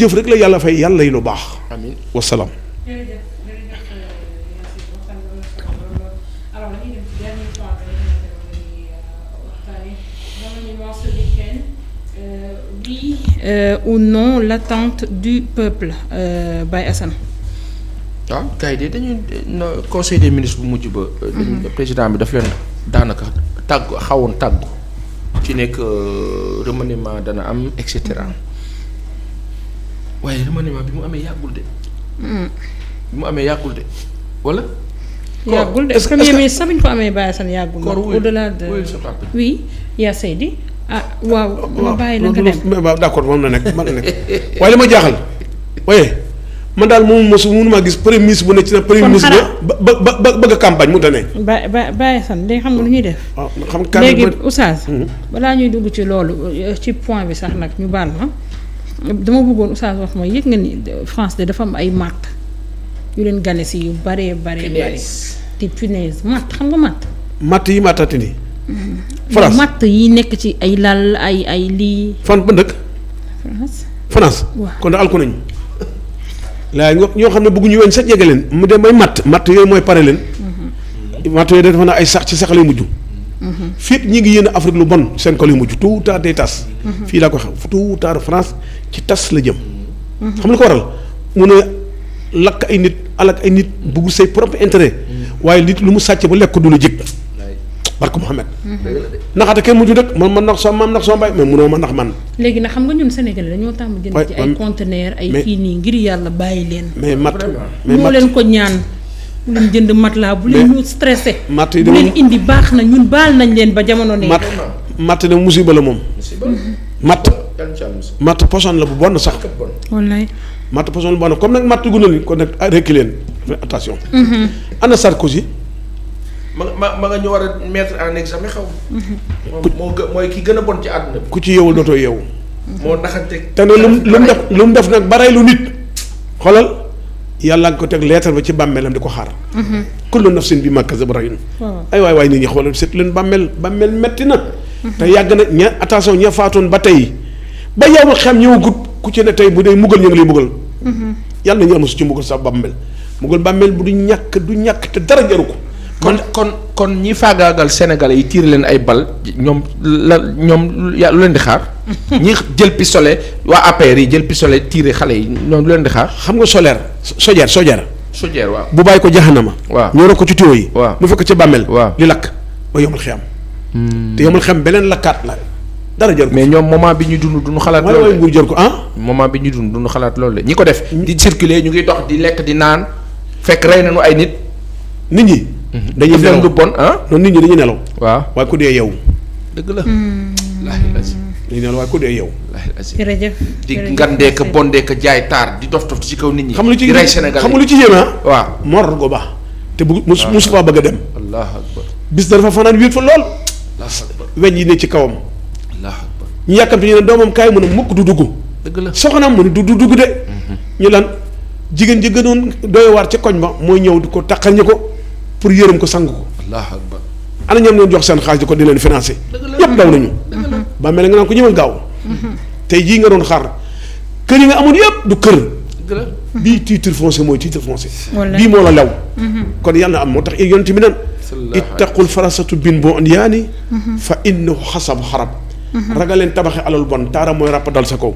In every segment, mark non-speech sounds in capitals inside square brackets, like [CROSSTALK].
jëf rek la yàlla fay yàlla yi lu baax. amiin wasalaam. Euh, euh, euh, oui ou non l'attente du peuple Baye Assane. waaw ah, kay de dañuy conseil des ministres bu mujj ba. Mhm. président bi daf leen daanaka tàgg xawoon tàggu. ci nekk remaniement dana am et cetera. Mhm. waaye remaniement ma mu amee hmm. bi mu amee yàggul de wala. yàggul de premier ministre bi ñu ko amee Baye Assane yàggul. au delà de oui yaa Seydi ah waaw ah, ma bàyyi la d' accord moom na nekk man la nekk waaye li ma jaaxal waaye man daal moom mosu ma gis premier ministre bu ne ci na premier ministre ba ba bëgg a campagne mu tane. ba ba Baye Assane xam nga lu ñuy def. Ah, xam nga léegi Oustaz. Hmm. balaa ñuy dugg ci loolu ci point bi sax nag ñu baal ma. dama bëggoon Oustaz wax ma yëg nga ni France de dafa am ay matt yu leen gane si yu baree baree bare te punaise matt xam nga matt matt yi mattati ni mm-hmm. France matt yi nekk ci ay lal ay ay lii fan ba dëkk France France waaw kon da alko nañu laay ñoo xam ne bëgguñu weñ sax jege leen mu dem bay matt matt yooyu mooy pare leen mm-hmm. matt yooyu dafa na ay sax ci sax lay fépp ñi ngi yéen Afrique lu bon seen kol yu mujj tôt ou tard day tas. fii laa ko xam tôt ou France ci tas la jëm. xam nga ko waral mu ne lakk ay nit alak ay nit bugg say propre intérêt waaye nit lu mu sàcc ba lekk du la jëkk. barke Mouhamed. naxaate kenn mujj rek man man nax sama maam nax sama baay mais munoo ma nax man. léegi nag xam nga ñun Sénégalais dañoo tàmm jënd ci ay conteneur ay kii nii ngir yàlla bàyyi leen. mais mat moo leen ko ñaan. bu leen jënd mat laa bu leen ñu stressé. matt yi bu leen baax na ñun baal nañ leen ba jamono nee. matt matt de musiba la moom. matt matt poson la bu bon sax. matt poson la bu bon comme nag matt gu na ni kon nag rekki leen attention. Mm-hmm. ana Sarkozy. ma ma ma nga ñu war a mettre en examen xaw mm-hmm. moo ki gën a bon ci àdduna bi. ku ci yeewul dootoo yeewu. moo naxante. te ne lu mu def lu mu def nag ba rey lu nit xoolal. yàlla nga ko teg leetar ba ci bàmmeelam di ko xaar. kullu nafsin bi ma kasabat rahin. Hmm. ay waay waay nit ñi xoolal seet leen bàmmeel bàmmeel metti na. te yàgg na ña attention ña faatoon ba tey ba yow ma xam ñëwagut ku ci ne tey bu dee mugal ñu ngi lay mugal. Hmm. yàlla na ñu am ci mugal sa bàmmeel mugal bàmmeel bu du ñàkk du ñàkk te dara jaru ko. kon kon kon ñi faagaagal sénégalais yi tiir leen ay bal ñoom la ñoom lu leen di xaar. [LAUGHS] ñi jël pistolet waa APR yi jël pistolet tiire xale yi ñoom lu leen di xaar. xam nga soleer sojère sojère. sojère waaw bu bàyyi ko jaxanama. waaw ñoo ko ci tuyoo yi. waaw mu fekk ca bàmmeel. waaw li lakk ba yomul xiyam. Hmm. te beneen lakkaat la. dara jël mais ñoom moment bi ñu dund duñu xalaat. loolu de jël ko ah. moment bi ñu dund duñu xalaat loolu de ñi ko def. Hmm. di circuler ñu ngi dox di lekk di naan fekk rey nañu ay nit. nit ñi dañuy nelaw lu bon ah. non nit ñi dañuy nelaw. waaw waaye ku dee yow. dëgg la. Hmm. dañuy nelaw waaye ko dee yow. jërëjëf di ngandee ka bondee jaay taar di dof dof ci kaw nit ñi. xam lu ci xam lu ci yéeme ah. waaw mor baax. te bu mu mu su faa bëgg a dem. allahu bis da dafa fanaan wéet fa lool. weñ yi ne ci kawam. allahu akbar ñu yàkkamte ñu ne doomam kaay mu ne mukk du dugg. dëgg la soxnaam mu ne du dugg de. Mhm. ñu lan jigéen ji gënoon doy waar ca koñ ba mooy ñëw di ko taqal ñi ko. pour yërëm ko sang ko. allahu ana ñoom ñoo jox seen xaalis di ko di leen financé. yëpp daw nañu. ba mel nga naan ko ñëwal gaaw. te jii nga doon xaar kër yi nga amoon yëpp du kër. bii titre foncier mooy titre foncier. bii moo la lew. Mhm. kon yàlla na am moo tax yonent bi naan. ittaqul farasatu bin boo yaani mhm. fa innahu xasabu xarab. Mhm. ragal leen tabaxee alal bon taara mooy ràpp dal sa kaw.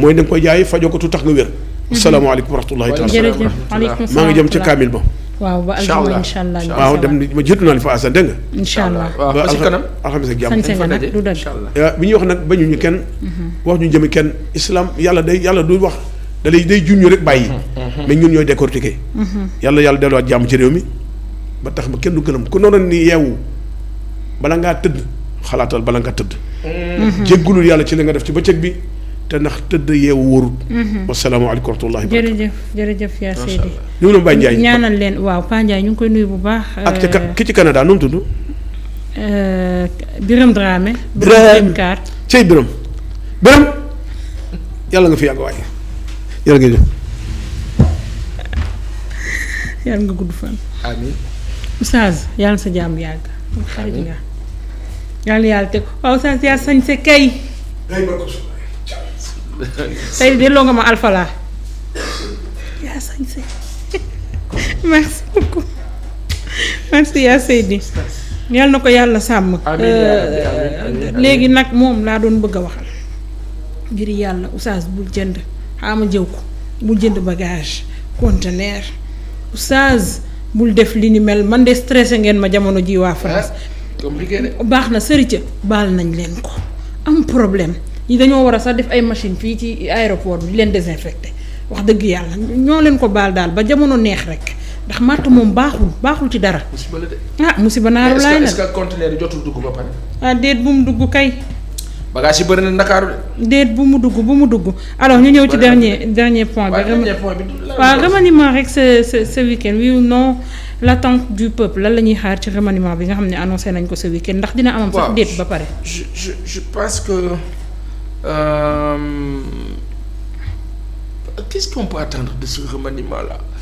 mooy da nga koy jaay fajoo ko tu tax nga wér. asalaamaaleykum wa rahmatullahi taala maa ngi jëm ca kaamil waaw ba aljuma incha allah waaw dem ma jiitu naa li fa asan dégg nga. incha allah waaw ba si kanam alxames ak jàmm. du dëgg bi ñu wax nag bañu ñu kenn. Mhm. wax ñu jëmi kenn islam yàlla day yàlla du wax da day juñ ñu rek bàyyi. Mhm. Mhm. mais ñun ñooy décortiquer. yàlla yàlla delluwaat jàmm ci réew mi ba tax ba kenn du gënam ku noonu ni yeewu bala ngaa tëdd xalaatal bala nga tëdd. jéggulul yàlla ci li nga def ci ba bëccëg bi te ndax tëdd yeewu wóorut. wasalaamaaleykum wa rahmatullahi jërëjëf jërëjëf yaa Seydi ñu ngi doon Baye leen waaw Pa ñu ngi koy nuyu bu baax. ak ca euh, ki ci Canada nu tudd. Euh, Birame Dramé. Birame cey Birame Birame yàlla nga fi yàgg yàlla nga jëf. yàlla nga gudd fan. amiin. yàlla sa jàmm yàgg. yàlla yàlla teg waaw Oustaz yaa sañ kay. tey delloo nga ma alfalaa yaa sañ merci beaucoup merci yaa Seydi yal na ko yàlla sàmm. Euh, léegi nag moom laa doon bëgg a waxal. ngir yàlla oustaz bul jënd xaama jëw ko bul jënd bagage conteneur oustaz bul def li ni mel man de stressé ngeen ma jamono jii waa France. Ah, baax na sërica baal nañ leen ko am problème ñi dañoo war a sax def ay machine fii ci aéroport bi di leen désinfecté wax dëgg yàlla ñoo leen ko baal daal ba jamono neex rek ndax màtt moom baaxul baaxul ci dara. musiba la de. ah musiba naaru laay na est-ce que jotul dugg ba ah, déet bu mu dugg kay. bagage yi na Ndakaaru de. bu mu dugg bu mu dugg. alors ñu ñëw ci dernier dernier point bi. waaw remaniement rek ce ce ce week-end oui ou du peuple lan la ñuy xaar ci remaniement bi nga xam ne annoncé nañ ko ce week-end ndax dina amam sax déet ba pare. je je je pense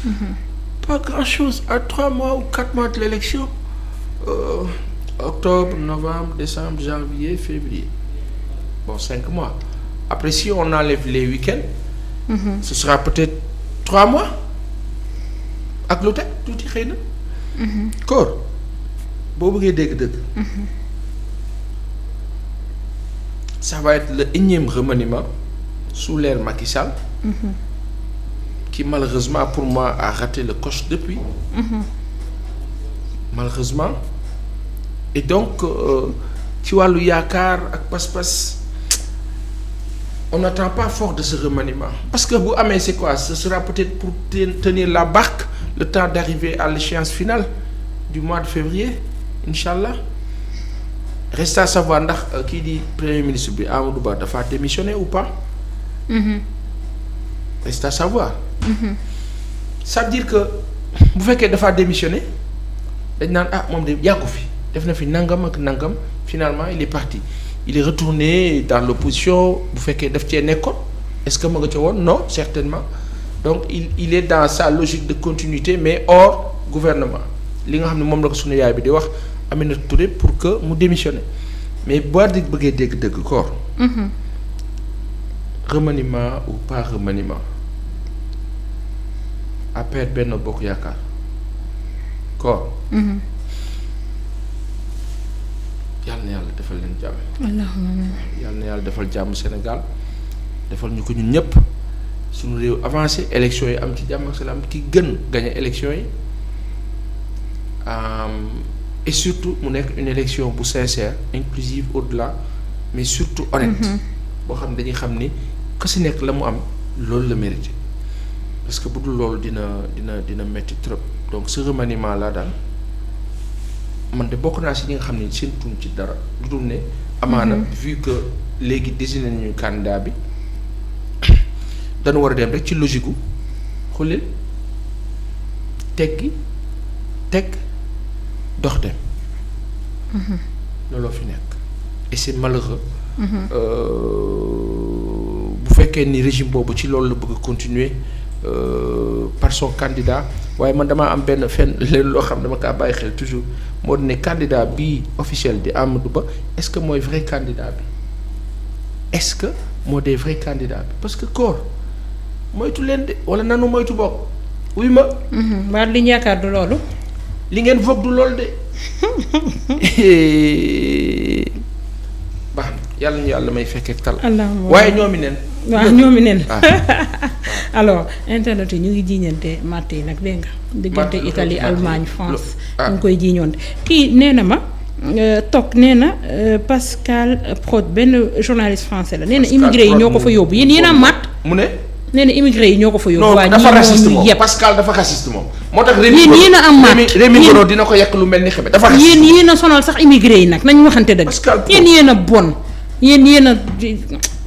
euh, pas grand-chose à trois mois ou quatre mois de l'élection euh, octobre novembre décembre janvier février bon cinq mois après si on enlève les week mhm. ce sera peut-être trois mois ak lu teg tuuti xëy na mhm. koor boo bëggee dégg-dëgg mhm. ça va être le énième remaniement sous l'ère Macky qui malheureusement pour moi a raté le coche depuis. Mmh. malheureusement. et donc euh, ci wàllu yaakaar ak pas-pas on n'attend pas fort de ce remaniement parce que bu amee c'est ce sera peut-être pour tenir la barque le temps d'arriver à l'échéance finale du mois de février incha allah reste à savoir ndax euh, kii di premier ministre bi Amadou Ba dafa démissionné ou pas. mm savoir. c'est-à-dire que bu fekkee dafaa démissionné dañ naan ah moom de yàggu fi def na fi nangam ak nangam finalement il est parti il est retourné dans l'opposition bu fekkee def cee nekkoon est-ce que ma nga cee woon no certainement donc il il est dans sa logique de continuité mais hors gouvernement li nga xam ne moom la ko sunu yaay bi di wax Aminata Touré pour que mu démissionne mais boo di bëggee dégg-dëgg koor mhm. remaniement ou pas remaniement APR Benno Bokk Yaakaar koor mhm. yàlla na yàlla defal leen jàmm yàlla na yàlla defal jàmm Sénégal defal ñu ko ñun ñëpp suñu réew avancé élection yi am ci jàmm ak salaam ki gën gagné élection yi et surtout mu nekk une élection bu sincère inclusive au mais surtout honnête mhm. boo xam dañuy xam ni ko si nekk la mu am loolu la mérité parce que bu dul loolu dina dina dina métti trop donc ce remaniement laa daal man de bokk naa si ñi nga xam ne seen tuum ci dara lu dul ne. amaana mhm. vu que léegi désigné nañu candidat bi dañu war a dem rek ci logique gu xoolil teggi teg dox dem. Mhm. looloo fi nekk et c'est malheureux. Mhm. Euh, bu fekkee ni régime boobu ci loolu la bëgg continuer. par son candidat waaye man damaa am benn fenn [LAUGHS] leen loo xam dama kaa bàyyi xel toujours moo di ne candidat bii officiel di Amadou Ba est-ce que mooy vrai candidat bi est-ce que moo dee vrai candidat bi parce que koor moytu leen de wala nanu moytu bokk wuy ma. mbaa mhm, li ñu yaakaar du loolu. li ngeen vogue du loolu de [LAUGHS] baax yàlla ñu yàlla may fekkee tal. waaye ñoomi neen. waaw ñoomi neen. Ah. [LAUGHS] [LAUGHS] alors internet yi ñu ngi jiiñante matt yi nag de nga. diggante Italie Allemagne France. Ah. ñu ngi koy jiiñoon kii nee na ma. Euh, toog nee na euh, Pascal Prod benn journaliste français la nee na immigré yi ñoo ko fa yóbbu yéen yéen a matt. mu ne. nee na immigré yi ñoo ko fa yóbbu. waa dafa raciste moom Pascal dafa raciste moo tax yéen dina ko yekk lu mel ni xame dafa raciste yéen yéen a sonal sax immigré yi nag nañ waxante dëgg. Pascal yéen yéen a bon yéen yéen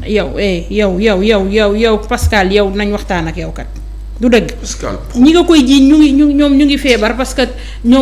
yow eh yow yow yow yow yow Pascal yow nañ waxtaan ak yow kat du dëgg. ñi nga koy ji ñu ngi ñu ñoom ñu ngi feebar parce que ñoom